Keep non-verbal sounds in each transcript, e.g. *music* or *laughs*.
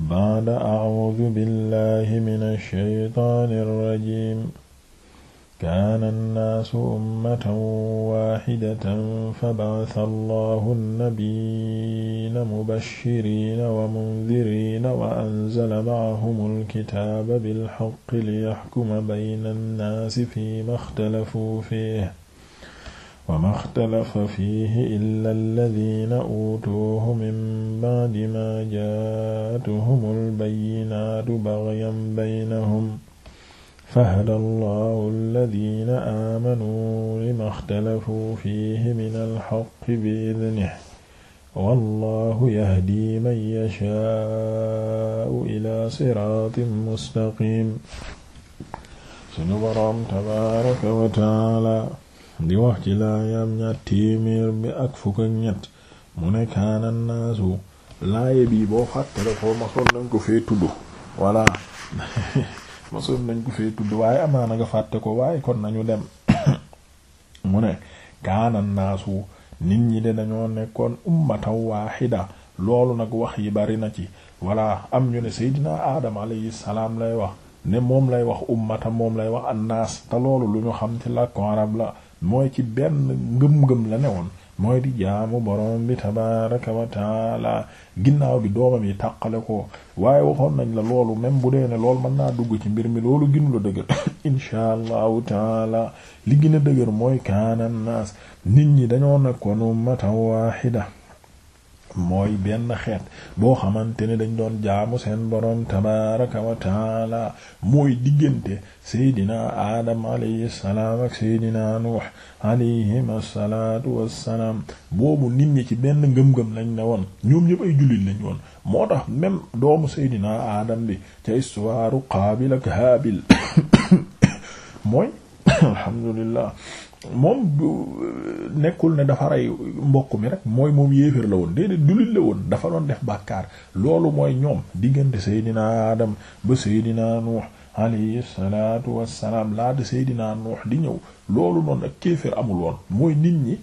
ba'da a'uudu billahi mina shaytaani rajiim kaana nnaasu ummatan waahidatan faba'atha allahu nabiyyiina mubashshiriina wa mundhiriina wa anzala ma'ahumul kitaaba bilhaqqi liyaxkuma bayna nnaasi fiimaa ixtalafuu fiihi wa maxtalafa fiihi illa alladina uutuuhu min bacdi maa jaatuhum albayinaatu bagyan baynahum fahada allahu alladina aamanuu lima xtalafuu fiihi min alxaqi biidnih wallahu yahdi man yashaau ila siraatin mustaqim sunu boroom tabaaraka wa taala di wax ci laayaam ñaar téeméer bi ak fukk ñett mu ne kaanan naasu yi bi boo fàttale ko masoon nañ ko fee tudd voilà *laughs* masoon nañ ko fee tudd waaye amaana nga fàtte ko waaye kon nañu dem *coughs* mu ne kaanan naasu nit ñi de dañoo nekkoon ummatan waaxida loolu nag wax yi bari na ci wala am ñu ne seydina aadam alayhi salaam lay wax ne moom lay wax ummata moom lay wax annaas te loolu lu ñu xam ci làkku arab la mooy ci benn ngëm-ngëm ne woon mooy di jaamu borom bi tabaraka wa taala ginnaaw bi doomam yi tàqale ko waaye waxoon nañ la loolu même bu dee ne loolu mën naa dugg ci mbir mi loolu ginu la dëgër *coughs* insha allahu taala li gën a dëgër mooy kaana naas nit ñi dañoo nekkoon ummatan waahida mooy benn xeet boo xamante ne dañ doon jaamu seen borom tabaraka wa taala mooy diggante seydina aadam alayhi salaam ak seydina nuux alayhim assalaatu wassalaam boobu nit ci benn ngëm lañ ne woon ñoom ay jullit lañ woon moo tax même doomu seydinaa aadam bi ca histoire Qaabil ak Haabil *coughs* mooy *coughs* alhamdulillah moom nekkul ne dafa rey mbokk mi rek mooy moom yéeféer la woon déedéet dulit la woon dafa doon def bàkkaar loolu mooy ñoom diggante seydina adam ba seydina nuux alayhi salatu wassalaam laata seydina nuux di ñëw loolu noonu ak kéeféer amul woon mooy nit ñi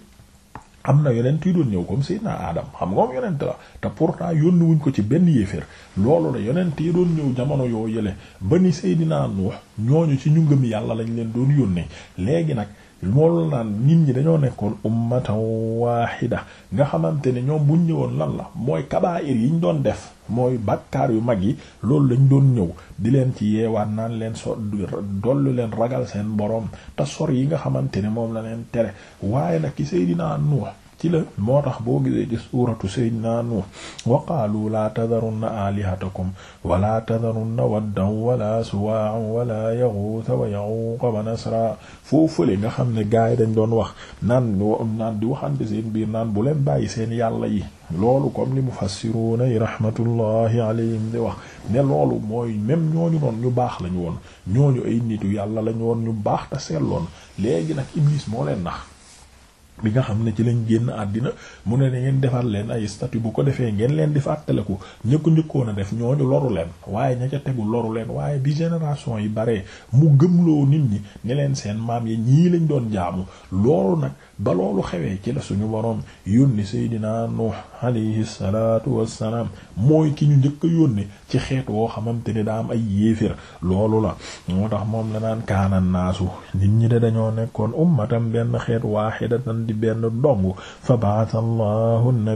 am na yonent yi doon ñëw comme seydina adam xam nga moom yonent la te pourtant yónni wuñ ko ci benn yéeféer loolu la yonent yi doon ñëw jamono yoo yële ba ni seydina nuux ñooñu ci ñu ngëm yàlla lañ leen doon yónnee léegi nag moolu naan nit ñi dañoo nekkoon ummatan waahida nga xamante ne ñoom buñ ñëwoon lan la mooy kabaa'ir yiñ doon def mooy bakkaar yu mag yi loolu lañ doon ñëw di leen ci yeewaan naan leen so dollu leen ragal seen boroom te sor yi nga xamante ne moom la leen tere waaye nag ki Seydina Nuux ci la moo tax boo gisee ci suuratu sayyidina naanu wa qaalu laa tadarunna alihatakum wala tadarunna waddan wala suwaa'an wala yaghutha wa ya'uqa wa nasra foofale nga xam ne gaay dañ doon wax naan naan di waxante naan bu leen bàyyi seen yàlla yi loolu comme li mufassiruuna yi rahmatullahi alayhim di wax ne loolu mooy même ñooñu noonu ñu baax lañu woon ñooñu ay nitu yàlla lañu woon ñu baax te loon léegi nag iblis moo leen nax li nga xam ne ci lañ génn àddina mu ne da ngeen defar leen ay statut bu ko defee ngeen leen di ko ñëkku njëkkoon a def ñooñu loru leen waaye ña ca tegu loru leen waaye bi génération yi baree mu gëmloo nit ñi ne leen seen maam yi ñii lañ doon jaamu loolu nag ba loolu xewee ci la suñu boroom yónni dinaa Nuux alayhi salaatu wassalaam mooy ki ñu njëkk a yónni ci xeet woo xamante ni daa am ay yéefér loolu la moo tax moom la naan kaanan naasu nit ñi de dañoo nekkoon ummatan benn xeet waahidatan di benn dong fa ba'atha Allahu an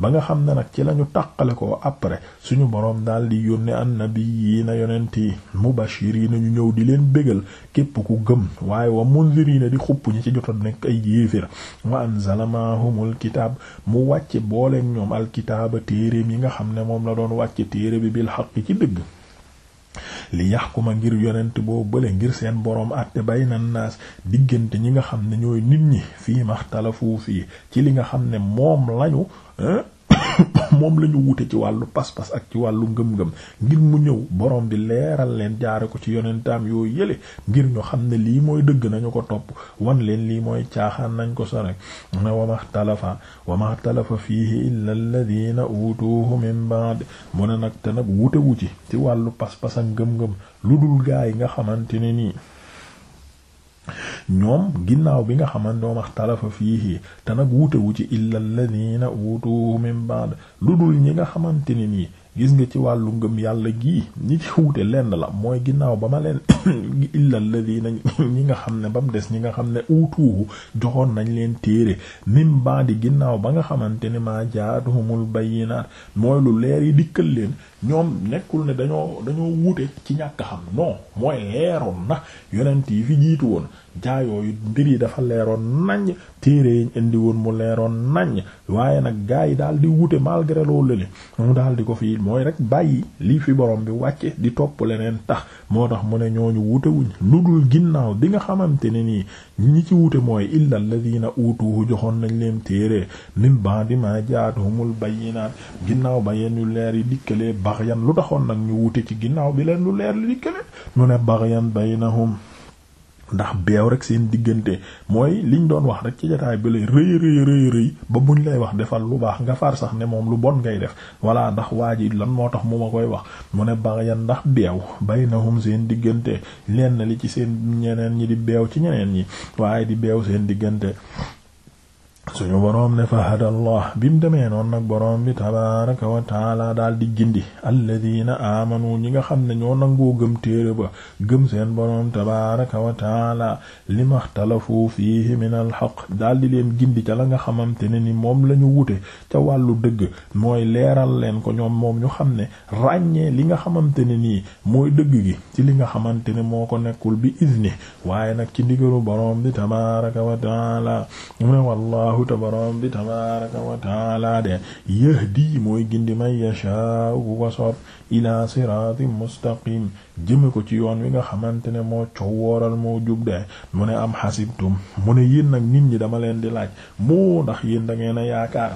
ba nga xam ne nag ci lañu tàqale ko après suñu boroom daal di yónni an-nabiyyiina yonent yi mubashiriina ñu ñëw di leen bégal képp ku gëm waaye wa munziriina di xupp ñi ci jotoon nekk ay yéefér wa anzala kitaab mu wàcce booleeg ñoom alkitaaba téereem yi nga xam ne moom la doon wàcce téere bi bil xaq ci dëgg li ma ngir yonent boo bële ngir seen boroom àtte bayna naas diggante ñi nga xam ne ñooy nit ñi fii maxtalafu fii ci li nga xam ne moom lañu *coughs* moom la ñu wute ci wàllu pas-pas ak ci wàllu ngëm-ngëm ngir mu ñëw borom bi leeral leen jaare ko ci yonentaam yoo yële ngir ñu xam ne lii mooy dëgg nañu ko topp wan leen lii mooy caaxaan nañ ko sore na wa maxtalafa wa maxtalafa fiihi illa alladina utuuhu min ba'd mu ne nag te nag wutewu ci ci wàllu pas-pas ak ngëm-ngëm lu dul gaa yi nga xamante ne nii ñoom ginnaaw bi nga xamante ne maxtalafa fiihi te nag wuutewu ci illa alladhina utuhu min ba'd lu dul ñi nga xamante ne nii gis nga ci wàllu ngëm yàlla gii ñi ci wuute lenn la mooy ginnaaw ba ma leen *coughs* illa alladhina ñi nga xam ne ba mu des ñi nga xam ne utuhu joxoon nañ leen téere min ba'di ginnaaw ba nga xamante ne maa jaatuhumul bayyinaat mooy lu leer yi dikkal leen ñoom nekkul ne dañoo dañoo wuute ci ñàkk xam non mooy leeroon na yonent yi fi jiitu woon jaayooyu mbir yi dafa leeroon naññ téere yiñ indi woon mu leeroon naññ waaye nag gaa yi daal di wute malgré loolu le mu daal di ko fii mooy rek bàyyi lii fi borom bi wàcce di topp leneen tax moo tax mu ne ñooñu ñu wuñ lu dul ginnaaw bi nga xamante ne nii ñi ci wute mooy illa alladhina utuhu joxoon nañ leen téere min ba'di ma jaatuhumul bayyinaat ginnaaw ba yeen yu leer yi dikkalee baghyan lu taxoon nag ñu wute ci ginnaaw bi leen lu leer li dikkale mu ne baghyan baynahum ndax beew rek seen diggante mooy liñ doon wax rek ci jotaay bi lay rëy rëy rëy rëy ba buñ lay wax defal lu baax nga far sax ne moom lu bon ngay def voilà ndax waa ji lan moo tax mu ma koy wax mu ne ba yan ndax beew baynahum seen diggante lenn li ci seen ñeneen ñi di beew ci ñeneen ñi waaye di beew seen diggante suñu boroom ne fa hadallah bi mu demee noonu nag boroom bi tabaraka wa taala daal di gindi alladina aamanu ñi nga xam ne ñoo nangoo gëm téere ba gëm seen boroom tabaraka wa taala limaxtalafu fiihi min alxaq daal di leen gindi ca la nga xamante ne ni moom la ñu wute ca wàllu dëgg mooy leeral leen ko ñoom moom ñu xam ne ràññee li nga xamante ne nii mooy dëgg gi ci li nga xamante ne moo ko nekkul bi izni waaye nag ci ndigalu boroom bi tabaraka wa mu ne allahu te borom bi tabaraka wa taala de yahdi mooy gindi man yashaa ku ko soob ila siraatin mustaqim jëme ko ci yoon wi nga xamante ne moo cow wooral moo jub de mu ne am xasibtum mu ne yéen nag nit ñi dama leen di laaj moo ndax yéen da ngeen a yaakaar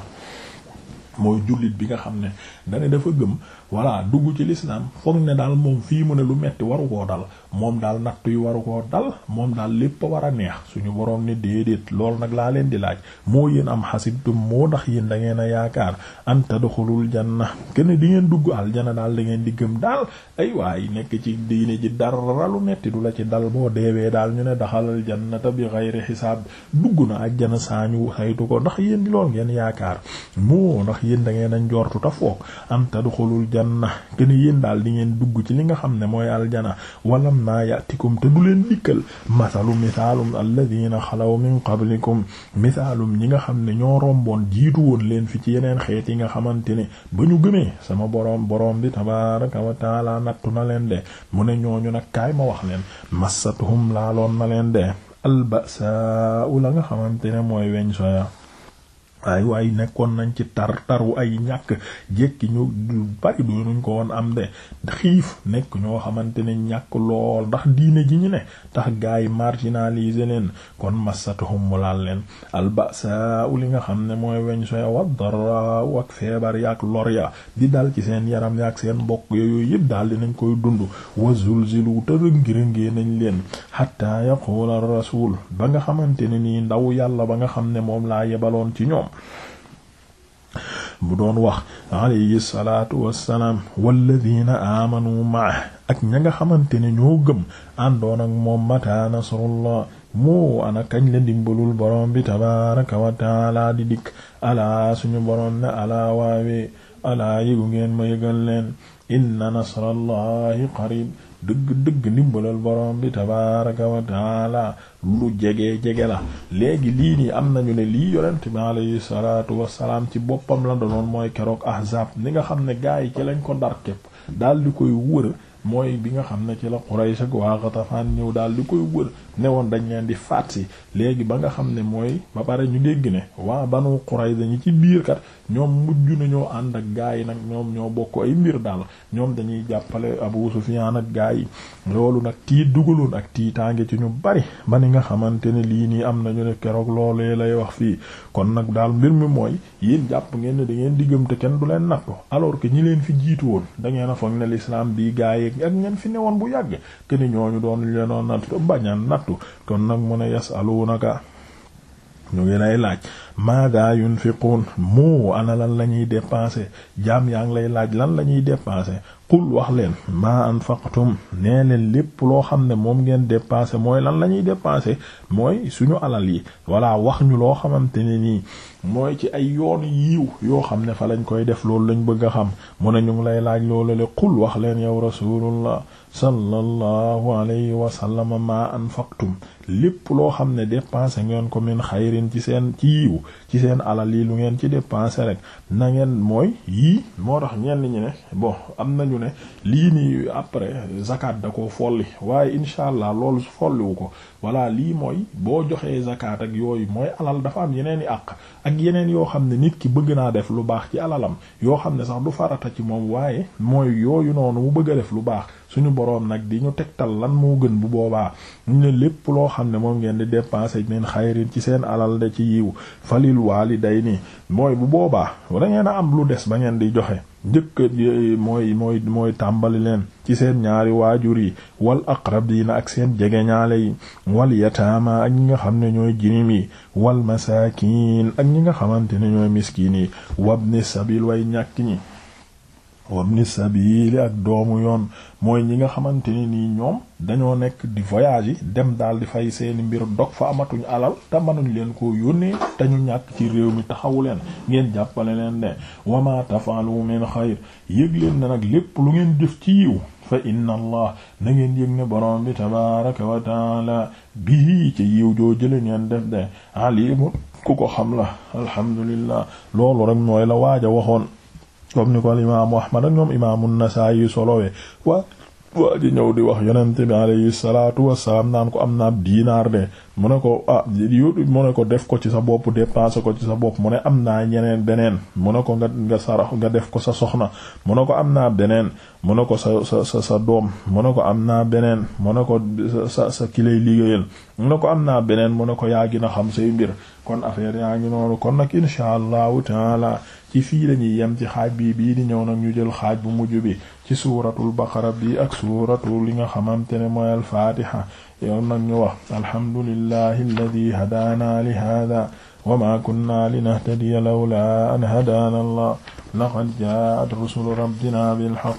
mooy jullit bi nga xam ne dane dafa gëm voilà dugg ci lislaam foog ne daal moom fii mu ne lu metti waru koo dal moom daal natt yi waru koo dal moom daal lépp a war a neex suñu boroom ne déedéet loolu nag laa leen di laaj moo yéen am xasibtum moo ndax yéen da ngeen a yaakaar an tadxulul janna kenn di ngeen dugg aljana daal da ngeen di gëm daal ay waay nekk ci diine ji dara lu metti la ci dal boo deewee daal ñu ne daxalal jannata bi xayri xisaab dugg na aljana saañu saytu ko ndax yéen di ngeen yaakaar moo ndax yéen da ngeen a njortu ta foog an tadxulul janna yéen daal di ngeen dugg ci li nga xam ne mooy aljana walam maa yatikum te du leen dikkal masalu misaalum alladina xalaw min qablikum misaalum ñi nga xam ne ñoo romboon jiitu woon leen fi ci yeneen xeet yi nga xamante ne ba ñu gëmee sama boroom boroom bi tabaraka wa taala nattu na leen de mu ne ñooñu nag kaay ma wax leen massatuhum laaloon na leen de albasa u la nga xamante ne mooy weñ soya ay waaye nekkoon nañ ci tar taru ay ñàkk jékki ñu bari doonuñ ko woon am de xiif nekk ñoo xamante ne ñàkk lool ndax diine ji ñu ne tax gaa yi marginalisé leen kon massatuhum mu laal leen albasa u li nga xam ne mooy weñ soya wa dara ak feebar ya ak lor ya di dal ci seen yaram yaa ak seen mbokk yooyu yëpp di nañ koy dund wa zulzilu te rëngi-rëngee nañ leen hatta yaqula rasul ba nga xamante ne nii ndaw yàlla ba nga xam ne moom laa yebaloon ci ñoom bu doon wax alayhi salaatu wassalaam walladina aamanu maa ak ña nga xamante ne ñoo gëm àndoon ak moom mata nasrullah mu ana kañ la dimbalul borom bi tabaaraka di dikk alaa suñu borom ne alaa waawee alaa yëgu ma yëgal leen inna nasrallahi qarib dëgg-dëgg ndimbalal borom bi tabaraka wa taala lu jege-jege la léegi lii nii am nañu ne lii yonent bi alayhi salaatu wasalaam ci boppam la doonoon mooy keroog ahzab ni nga xam ne gaa yi ci lañ ko ndar képp daal di koy wër mooy bi nga xam ne ci la Quraysh ak waa Ghatafan ñëw daal di koy wër ne woon dañ leen di faat si léegi ba nga xam ne mooy ba pare ñu dégg ne waa Banu Qurayza ñi ci biir kat ñoom mujj na ñoo ànd ak gaa yi nag ñoom ñoo bokk ay mbir daal ñoom dañuy jàppale Abu Sufyaan ak gaa yi loolu nag tii dugaloon ak tiitaange ci ñu bari ba ni nga xamante ne lii nii am nañu ne keroog loolee lay wax fii kon nag daal mbir mi mooy yéen jàpp ngeen ne da ngeen di gëm te kenn du leen nattu alors que ñi leen fi jiitu ak ñam fi woon bu yàggee que ni ñu doon lenoon nattu bañaan nattu kon nag mu ne yasalunaka ñu ngi lay laaj maada yunfiqun mu ana lan la ñuy dépenser jaam yaa ngi lay laaj lan la ñuy dépenser qul wax leen ma anfaqtum nee leen lépp loo xam ne moom ngeen dépenser mooy lan la ñuy dépenser mooy suñu alal yi walla wax ñu loo xamante ne nii mooy ci ay yoon yiiw yoo xam ne fa lañ koy def loolu lañu bëgg a xam mu ne ñu ngi lay laaj loolu le qul wax leen yow rasulullah sallallahu alayhi wa sallam ma anfaqtum lépp loo xam ne dépenser ngeen ko min xayrin ci seen ci yiw ci seen alal yi lu ngeen ci dépenser rek nangeen mooy yii moo tax ñenn ñi ne bo am nañu ne lii nii après zakat da koo folli waaye incha allah loolu folliwu ko voilà lii mooy boo joxee zakat ak yooyu mooy alal dafa am yeneen i àq ak yeneen yoo xam ne nit ki bëgg naa def lu baax ci alalam yoo xam ne sax du farata ci moom waaye mooy yooyu noonu mu bëgg a def lu baax suñu boroom nag di ñu tegtal lan moo gën bu boobaa mu ne lépp loo xam ne moom ngeen di dépenser min xayrin ci seen alal de ci yiw falil nii mooy bu boobaa da ngeen a am lu des ba ngeen di joxe. njëkkat yi mooy mooy mooy tàmbali leen ci seen ñaari waajur yi wal aqrab aqrabiina ak seen jegeñaale yi wal yataama ak ñi nga xam ne ñooy jirim yi wal masaakiin ak ñi nga xamante ne ñooy miskiin yi wabni sabil way ñàkk ñi wabni sabili ak doomu yoon mooy ñi nga xamante ni nii ñoom dañoo nekk di voyage yi dem daal di fay seeni mbir dog fa amatuñ alal te mënuñ leen koo yónnee te ñu ñàkk ci réew mi taxawu leen ngeen jàppale leen de wama tafalu min xayr yëg na nag lépp lu ngeen jëf ci yiw fa inna allah na ngeen yëg ne borom bi tabaraka wa taala bii ci yiw joo jële ngeen def de alimu ku ko xam la alhamdulillah loolu rek mooy la waaja waxoon comme ni ko al imaamu Ahmad ak ñoom imaamu Nasaa'i di wax yonent bi alayhi salaatu wassalaam naan ko am na ab diinaar de mu ne ko ah yu ne ko def ko ci sa bopp dépenser ko ci sa bopp mu ne am na ñeneen beneen mu ko nga nga sarax nga def ko sa soxna mu ko am naa beneen mu ko sa sa sa sa doom mu ne ko am na beneen mu ne ko sa sa ki lay liggéeyal mu ne ko am naa beneen mu ko yaa gën xam say mbir kon affaire yaa ngi kon nag insha allahu taala ci fii lañuy yem ci xaaj bii di ñëw nag ñu jël xaaj bu mujj bi ci suuratul baqara bi ak suuratu li nga xamante ne mooy alfaatiha yow nag ñu wax alhamdulillahi alladi li hada lawla an hadaana allah laqad jaat rusulu rabbina bilhaq